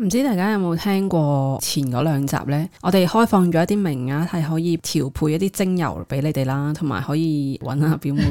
唔知大家有冇聽過前嗰兩集呢？我哋開放咗一啲名額，係可以調配一啲精油俾你哋啦，同埋可以揾下表妹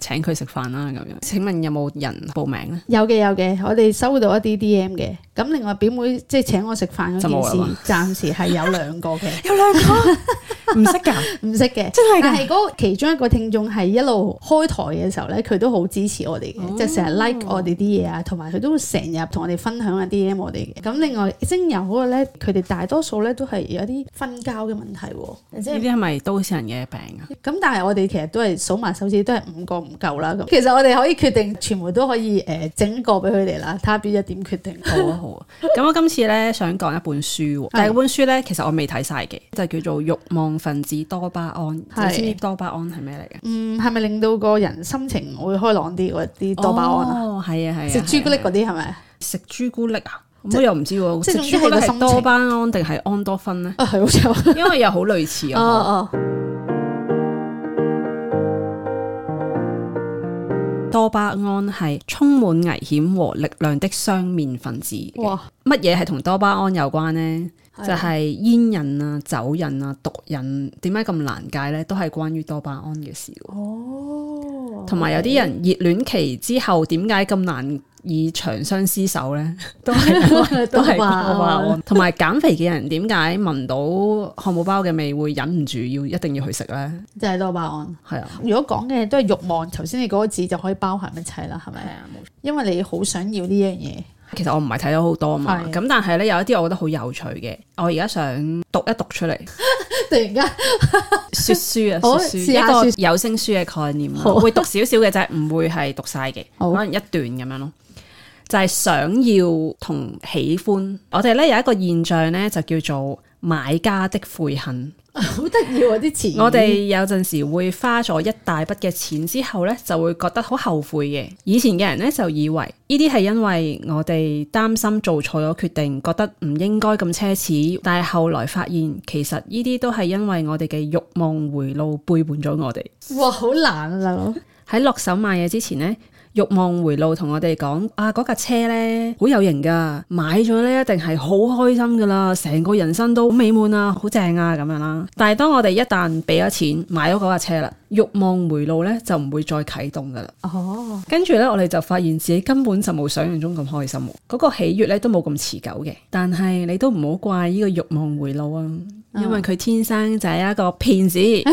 請佢食飯啦咁樣。請問有冇人報名咧？有嘅有嘅，我哋收到一啲 DM 嘅。咁另外表妹即係、就是、請我食飯嗰件事，暫時係有兩個嘅， 有兩個唔識噶，唔識嘅， 的真係。但係嗰其中一個聽眾係一路開台嘅時候呢，佢都好支持我哋嘅，即係成日 like 我哋啲嘢啊，同埋佢都會成日同我哋分享阿 DM 我哋嘅。咁外精油嗰個咧，佢哋大多數咧都係有啲瞓覺嘅問題。呢啲係咪都市人嘅病啊？咁但係我哋其實都係數埋手指，都係五個唔夠啦。咁其實我哋可以決定全部都可以誒、呃，整一個俾佢哋啦。睇下邊一點決定好啊，好啊。咁我今次咧想講一本書，但係 本書咧其實我未睇晒嘅，就的叫做《欲望分子多巴胺》。是你知唔知多巴胺係咩嚟嘅？嗯，係咪令到個人心情會開朗啲嗰啲多巴胺啊？係啊係啊，食朱古力嗰啲係咪？食朱古力啊？咁又唔知喎，即係是主要係多巴胺定係胺多酚咧？啊，係，因為又好類似哦 哦，哦多巴胺係充滿危險和力量的雙面分子哇！乜嘢係同多巴胺有關呢？的就係煙癮啊、酒癮啊、毒癮，點解咁難戒咧？都係關於多巴胺嘅事。哦，同埋有啲人熱戀期之後，點解咁難以長相廝守咧， 都係都係多巴胺。同埋 減肥嘅人點解聞到漢堡包嘅味會忍唔住要一定要去食咧？就係多巴胺，係啊！如果講嘅都係慾望，頭先你嗰個字就可以包含一切啦，係咪？係啊，因為你好想要呢樣嘢。其實我唔係睇咗好多啊嘛，咁、啊、但係咧有一啲我覺得好有趣嘅，我而家想讀一讀出嚟。 突然間説書啊，説書試試一個有聲書嘅概念，好會讀少少嘅就係，唔會係讀晒嘅，好好可能一段咁樣咯。就係想要同喜歡，我哋咧有一個現象咧就叫做買家的悔恨，好得意啲錢。錢我哋有陣時會花咗一大筆嘅錢之後咧，就會覺得好後悔嘅。以前嘅人咧就以為呢啲係因為我哋擔心做錯咗決定，覺得唔應該咁奢侈，但係後來發現其實呢啲都係因為我哋嘅欲望回路背叛咗我哋。哇，好難啊！喺落 手買嘢之前呢。慾望迴路同我哋講啊，嗰架車呢，好有型噶，買咗呢一定係好開心噶啦，成個人生都好美滿啊，好正啊咁樣啦。但係當我哋一旦俾咗錢買咗嗰架車啦，慾望迴路呢，就唔會再啟動噶啦。哦，跟住呢，我哋就發現自己根本就冇想象中咁開心，嗰個喜悅呢，都冇咁持久嘅。但係你都唔好怪呢個慾望迴路啊，因為佢天生就係一個騙子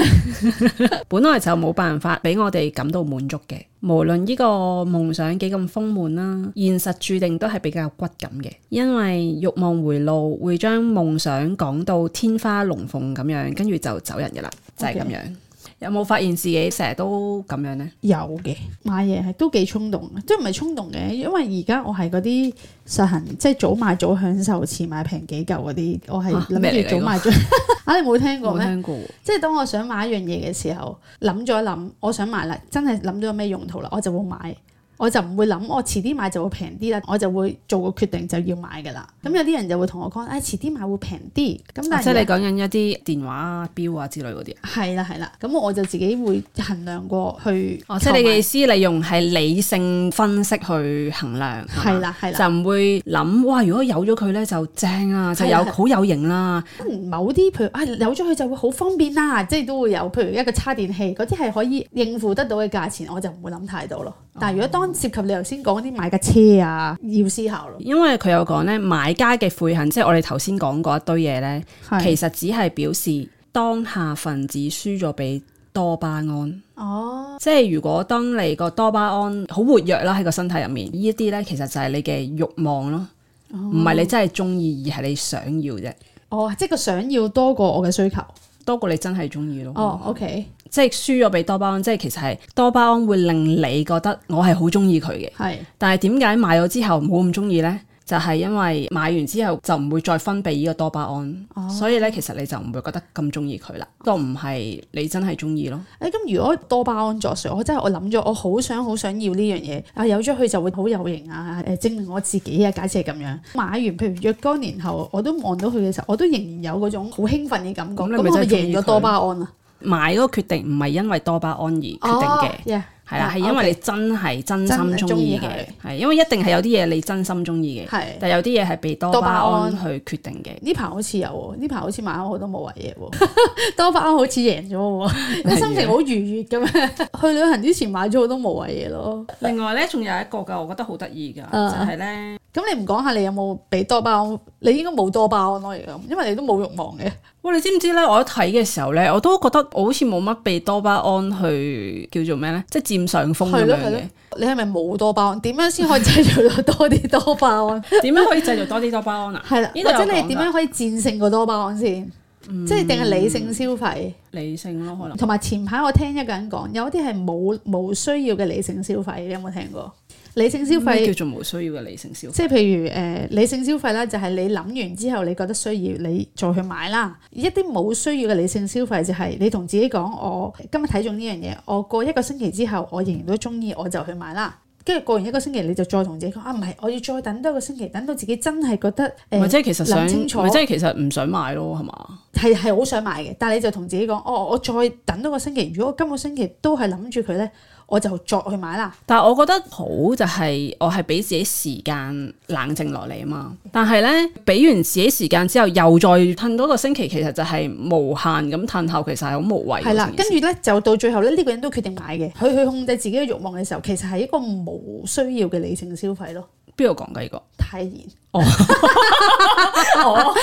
，oh. 本來就冇辦法俾我哋感到滿足嘅。無論呢個夢想幾咁豐滿啦，現實注定都係比較骨感嘅，因為欲望回路會將夢想講到天花龍鳳咁樣，跟住就走人嘅啦，就係咁樣。Okay. 有冇發現自己成日都咁樣呢？有嘅，買嘢係都幾衝動，即係唔係衝動嘅？因為而家我係嗰啲實行，即係早買早享受，遲買平幾嚿嗰啲。我係諗住早買早。啊， 啊，你冇聽過咩？過即係當我想買一樣嘢嘅時候，諗咗一諗，我想買啦，真係諗咗有咩用途啦，我就會買。我就唔會諗，我遲啲買就會平啲啦，我就會做個決定就要買㗎啦。咁、嗯嗯、有啲人就會同我講，誒、哎、遲啲買會平啲。咁但係、啊、即係你講緊一啲電話表啊之類嗰啲。係啦係啦，咁、嗯嗯嗯、我就自己會衡量過去。哦，買即係你嘅意思，利用係理性分析去衡量。係啦係啦，啦就唔會諗哇，如果有咗佢咧就正啊，就有好啦有型啦、啊嗯。某啲譬如啊有咗佢就會好方便啦、啊，即係都會有譬如一個叉電器嗰啲係可以應付得到嘅價錢，我就唔會諗太多咯。但係如果當涉及你頭先講啲買架車啊，要思考咯。因為佢有講咧，Okay. 買家嘅悔恨，即係我哋頭先講嗰一堆嘢咧，是。其實只係表示當下分子輸咗俾多巴胺。哦，即係如果當你個多巴胺好活躍啦喺個身體入面，呢一啲咧其實就係你嘅欲望咯，唔係你真係中意，而係你想要啫。哦，即係個想要多過我嘅需求。多過你真係鍾意咯。哦，OK，即係輸咗俾多巴胺，即係其實係多巴胺會令你覺得我係好鍾意佢嘅。係，但係點解買咗之後冇咁鍾意咧？就係因為買完之後就唔會再分泌呢個多巴胺，哦、所以咧其實你就唔會覺得咁中意佢啦，都唔係你真係中意咯。誒、哎，咁如果多巴胺作祟，我真係我諗咗，我好想好想要呢樣嘢啊！有咗佢就會好有型啊！誒，證明我自己啊！假設係咁樣，買完譬如若干年後，我都望到佢嘅時候，我都仍然有嗰種好興奮嘅感覺。咁你咪贏咗多巴胺啊！買嗰個決定唔係因為多巴胺而決定嘅。哦 yeah. 係啦，係因為你真係、啊 okay, 真心中意嘅，係的因為一定係有啲嘢你真心中意嘅，的但有啲嘢係俾多巴胺去決定嘅。呢排好似有喎，呢排好似買咗好多無謂嘢喎， 多巴胺好似贏咗喎，心 是的 情好愉悅嘅咩？是的 去旅行之前買咗好多無謂嘢咯。另外咧，仲有一個㗎，我覺得好得意㗎，嗯、就係咧。咁、嗯、你唔講下你有冇俾多巴胺？你應該冇多巴胺咯，因為你都冇慾望嘅。哇、哦！你知唔知咧？我一睇嘅時候咧，我都覺得我好似冇乜被多巴胺去叫做咩咧，即係佔上風咁樣嘅。你係咪冇多巴胺？點樣先可以製造多啲多巴胺？點 樣可以製造多啲多巴胺啊？係啦的，或者你點樣可以戰勝個多巴胺先？嗯、即係定係理性消費？理性咯，可能。同埋前排我聽一個人講，有啲係冇冇需要嘅理性消費，你有冇聽過？理性消費叫做冇需要嘅理性消費，即係譬如誒理性消費啦，呃、費就係你諗完之後，你覺得需要，你再去買啦。一啲冇需要嘅理性消費就係你同自己講：我今日睇中呢樣嘢，我過一個星期之後，我仍然都中意，我就去買啦。跟住過完一個星期，你就再同自己講：啊，唔係，我要再等多個星期，等到自己真係覺得誒，呃、即係其實想清楚，即係其實唔想買咯，係嘛？係係好想買嘅，但係你就同自己講：哦，我再等多個星期。如果我今個星期都係諗住佢咧。我就再去買啦，但係我覺得好就係我係俾自己時間冷靜落嚟啊嘛。但係呢，俾完自己時間之後，又再褪多個星期，其實就係無限咁褪後，其實係好無謂。係啦，跟住呢，就到最後咧，呢個人都決定買嘅。佢去控制自己嘅慾望嘅時候，其實係一個無需要嘅理性消費咯。邊個講㗎？呢個？太然言。哦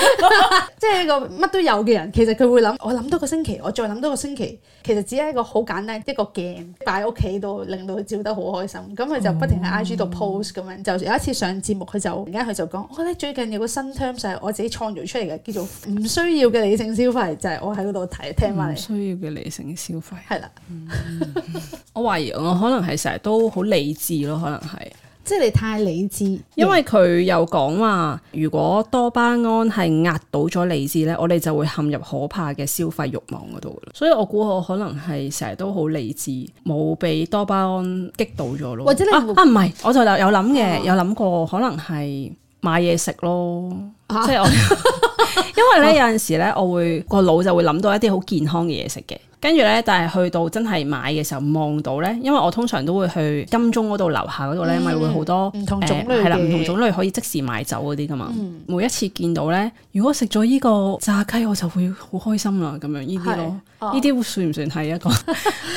即係一個乜都有嘅人，其實佢會諗，我諗多個星期，我再諗多個星期，其實只係一個好簡單一個鏡擺喺屋企度，令到佢照得好開心。咁佢就不停喺 IG 度 pose 咁樣，就有一次上節目，佢就，然家佢就講，我、哦、覺得最近有個新 terms 係我自己創造出嚟嘅，叫做唔需要嘅理性消費，就係、是、我喺嗰度睇聽翻嚟。唔需要嘅理性消費係啦，的 我懷疑我可能係成日都好理智咯，可能係。即係你太理智，因為佢又講話，如果多巴胺係壓倒咗理智咧，我哋就會陷入可怕嘅消費欲望嗰度。所以我估我可能係成日都好理智，冇俾多巴胺激到咗咯。或者你啊唔係，啊，我就有有諗嘅，有諗過可能係買嘢食咯。即係我， 因為咧呢 有陣時咧，我會個腦就會諗到一啲好健康嘅嘢食嘅。跟住咧，但係去到真係買嘅時候望到咧，因為我通常都會去金鐘嗰度樓下嗰度咧，咪會好多唔同種類嘅係啦，唔同種類可以即時買走嗰啲噶嘛。每一次見到咧，如果食咗呢個炸雞，我就會好開心啦。咁樣呢啲咯，呢啲算唔算係一個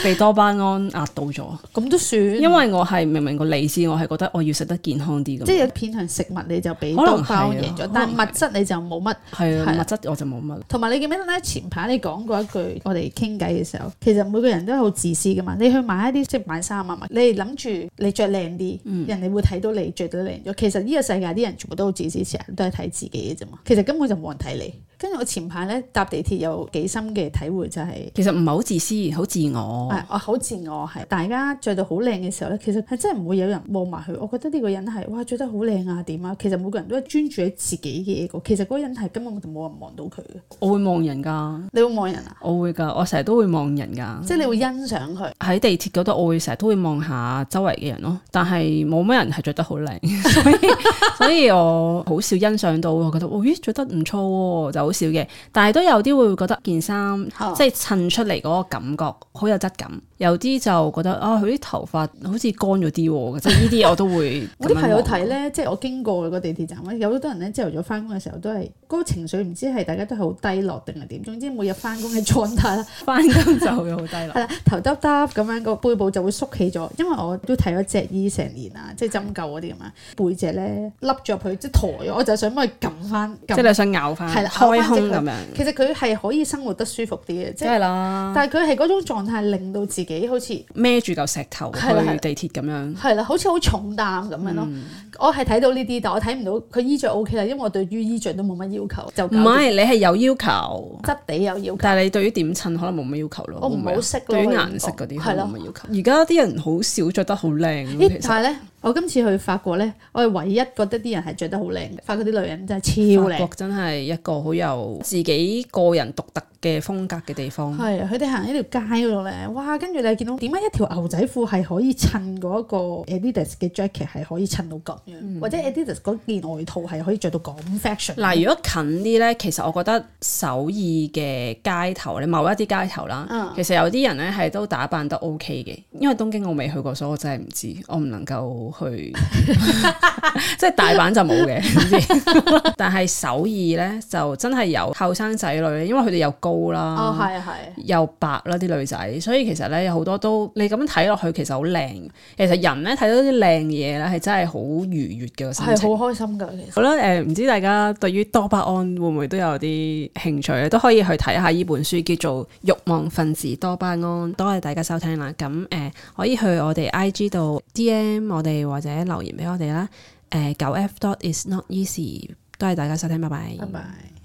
被多巴胺壓到咗？咁都算，因為我係明明個理智，我係覺得我要食得健康啲咁，即係偏向食物你就俾多巴胺贏咗，但係物質你就冇乜係，物質我就冇乜。同埋你記唔記得咧？前排你講過一句，我哋傾偈。嘅時候，其實每個人都好自私㗎嘛。你去買一啲，即係買衫啊嘛，你係諗住你着靚啲，嗯、人哋會睇到你着到靚咗。其實呢個世界啲人全部都好自私，成日都係睇自己嘅啫嘛。其實根本就冇人睇你。跟住我前排咧搭地鐵有幾深嘅體會、就係，就係其實唔係好自私，好自我。係哦，好自我，我好自我，係大家着到好靚嘅時候咧，其實係真係唔會有人望埋佢。我覺得呢個人係哇，着得好靚啊點啊。其實每個人都係專注喺自己嘅一個。其實嗰個人係根本就冇人望到佢。我會望人㗎。你會望人啊？我常常會㗎，我成日都會望人㗎。即係你會欣賞佢。喺地鐵嗰度，我常常會成日都會望下周圍嘅人咯。但係冇乜人係着得好靚， 所以所以我好少欣賞到，我覺得哦，咦着得唔錯就。好少嘅，但係都有啲會覺得件衫即係襯出嚟嗰個感覺好有質感。有啲就覺得啊，佢、哦、啲頭髮好似乾咗啲喎，即呢啲我都會。 我啲朋友睇咧，即係我經過個地鐵站有好多人咧，朝頭早翻工嘅時候都係嗰、嗰個情緒，唔知係大家都好低落定係點。總之每日翻工嘅狀態啦，翻工 就會好低落。係啦， 頭耷耷咁樣，個背部就會縮起咗。因為我都睇咗脊醫成年啦，即係針灸嗰啲咁啊，背脊咧凹咗佢，即係抬咗。我就想幫佢撳翻。即係你想咬翻？係啦，開胸咁樣。其實佢係可以生活得舒服啲嘅。即係是啦。的但係佢係嗰種狀態令到自幾好似孭住嚿石頭的去地鐵咁樣，係啦，好似好重擔咁樣咯。嗯、我係睇到呢啲，但我睇唔到佢衣着 OK 啦，因為我對於衣着都冇乜要求。就唔係你係有要求，質地有要求，但係你對於點襯可能冇乜要求咯。我唔係好識。對於顏色嗰啲係冇乜要求。而家啲人好少着得好靚。其實呢？但係咧，我今次去法國咧，我係唯一覺得啲人係着得好靚嘅。法國啲女人真係超靚，法國真係一個好有自己個人獨特。嘅風格嘅地方，係佢哋行喺條街度咧，哇！跟住你見到點解一條牛仔褲係可以襯嗰個 Adidas 嘅 jacket 係可以襯到咁樣，嗯、或者 Adidas 嗰件外套係可以着到咁 fashion。嗱、啊，如果近啲咧，其實我覺得首爾嘅街頭咧，某一啲街頭啦，嗯、其實有啲人咧係都打扮得 OK 嘅，因為東京我未去過，所以我真係唔知，我唔能夠去， 即係大阪就冇嘅。 但係首爾咧就真係有後生仔女，因為佢哋有高啦，哦、又白啦，啲女仔，所以其實咧有好多都你咁睇落去，其實好靚。其實人咧睇到啲靚嘢咧，係真係好愉悅嘅心情，係好開心噶。好啦，誒、呃，唔知大家對於多巴胺會唔會都有啲興趣，都可以去睇下呢本書，叫做《慾望分子多巴胺》。多謝大家收聽啦，咁誒、呃，可以去我哋 I G 度 D M 我哋或者留言俾我哋啦。誒、呃，九 F dot is not easy。多謝大家收聽，拜拜，拜拜。